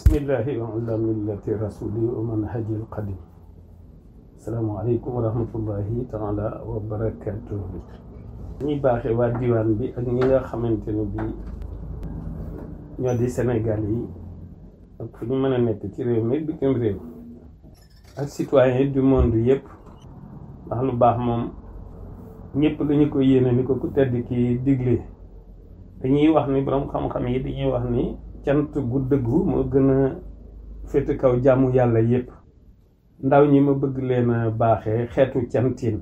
بسم الله وعلى ملة رسولي ومنهجي القديم السلام عليكم ورحمة الله تعالى وبركاته ñi baaxee waa diwaan bi ak ñi nga xamante ni bi ñoo di Sénégal yi ak fu ñu mën a nekk ci réew mi bitim réew ak citoyen du monde yëpp ndax lu baax moom ñëpp dañu ko yéene ni ko ku tedd ki digle dañuy wax ni boroom xam-xam yi dañuy wax ni cant gu dëggu moo gën a féete kaw jàmm yàlla yépp ndaw ñi ma bëgg leena baaxe xeetu cantiin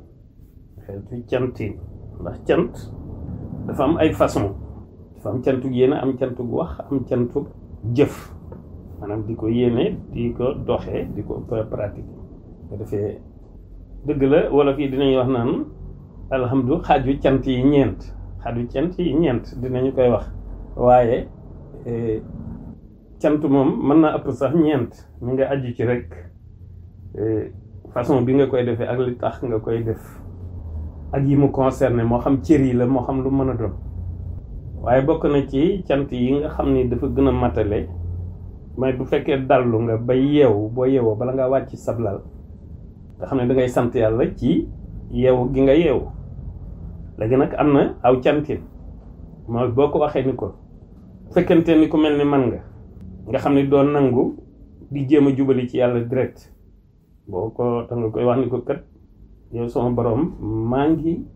xeetu cantiin ndax cant dafa am ay façon dafa cantu yéene am cantu wax am cantu jëf maanaam di ko yéene di ko doxee di ko pratique nga defee dëgg la wala fii dinañ wax naan alhamdu cant yi ñeent xaaju cant yi ñeent dinañu koy wax waaye Eh, cant moom mën naa ëpp sax ñeent mi nga aju ci rek eh, façon bi nga koy defee ak li tax nga koy def ak yi mu conserne moo xam cër yi la moo xam lu mën a doon waaye bokk na ci cant yi nga xam ni dafa gën a matale mais bu fekkee dallu nga ba yeewu boo yeewoo bala ngaa wàcc sablal nga xam ne dangay sant yàlla ci yeewu gi nga yeewu léegi nag am na aw cantin mooy boo ko waxee ni ko fekkente ni ku mel ni man nga nga xam ne doo nangu di jéem a jubali ci yàlla direct boo ko da nga koy wax ni ko kat yow sama borom maa ngi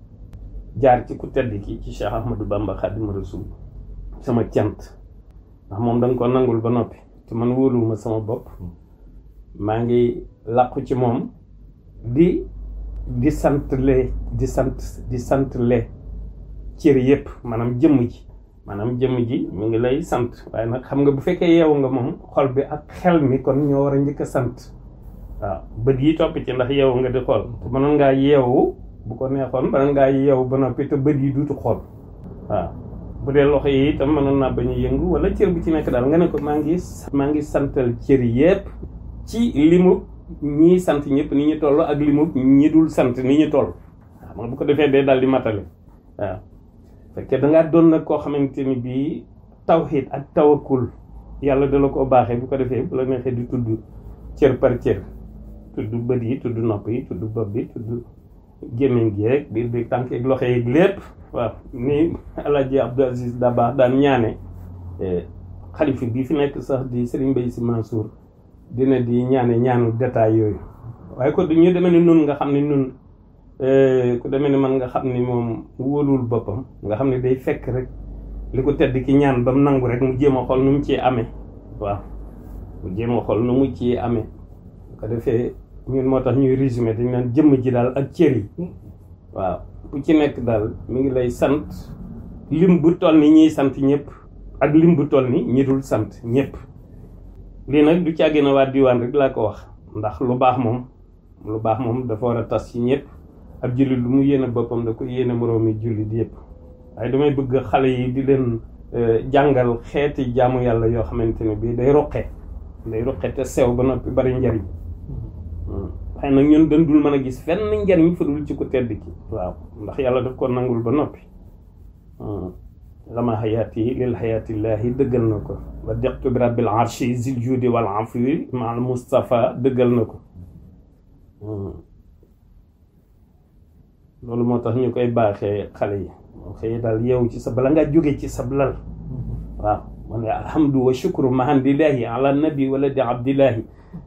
jaar ci ku tedd ki ci cheikh ahmadou bamba xadim rasul sama cant ndax moom da nga ko nangul ba noppi te man wóoluwuma sama bopp maa ngi làqu ci moom di di sant le di sant di sant le cër yépp maanaam jëmm ci manam jëm ji mi ngi lay sant waaye nag xam nga bu fekkee yeewu nga moom xol bi ak xel mi kon ñoo war a njëkk a sant waaw bët yi topp ci ndax yeewu nga di xool te mënoon ngaa yeewu bu ko neexoon mënoon ngaa yeewu ba noppi te bët yi duutu xool waaw bu dee loxo yi itam mënoon naa bañ a yëngu wala cër bu ci nekk daal nga ne ko maa ngi maa ngi santal cër yépp ci limu ñii sant ñëpp ni ñu toll ak limu ñi dul sant ni ñu toll waaw bu ko defee dee dal di matale fekke da nga don nak ko xamanteni bi tawhid ya tawakkul yalla da la ko baxé bu ko defé bu la nexé di tuddu cër par cër tuddu napi yi tudd nopp yi tuddu bopp bi gi rek bir bi tanke ak loxé ak lepp wa ni Alaaji Abdou Aziz da ñane euh khalifa bi fi nek sax di Serigne Mbaye Mansour dina di ñane ñaanu detaay yoy waye ko du ñu demee nun nga xamni nun Eh, ku demee ni man nga xam ni moom wóolul boppam nga xam ne day fekk rek li ko tedd ki ñaan ba mu nangu rek mu jéem a xool nu mu ci amee waaw mu jéem a xool nu mu ci amee ko defee ñun moo ñuy résumé dañ naan jëmm ji daal ak cër waaw bu ci nekk daal mi ngi lay sant lim bu toll ni ñiy sant ñëpp ak lim bu toll ni ñi dul sant ñëpp lii nag du càggee na waa diwaan rek laa ko wax ndax lu baax moom lu baax moom dafa war a tas ci ñëpp ab jullit lu mu yéene boppam da ko yéene moroomi jullit yëpp waaye damay bëgg xale yi di leen jàngal xeeti jaamu yàlla yoo xamante ne bii day roqe day roqe te sew ba noppi bari njariñ waaye nag ñun dañ dul mën a gis fenn njariñ fa dul ci ku tedd ki waaw ndax yàlla daf ko nangul ba noppi lama xayaat yi lil xayaatillaahi dëggal na ko wa deqtu bi rabbil arshi zil juudi wal afwi ma al mustafa dëggal na ko loolu moo tax ñu koy baaxee xale yi moo xëy daal yow ci sa bala ngaa jóge ci sab lal waaw man ne alhamdu wa shukru mahandillahi ala nabi wala di abdillahi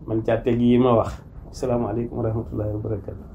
man caa teg yi ma wax asalaamaaleykum wa rahmatullahi wa barakatu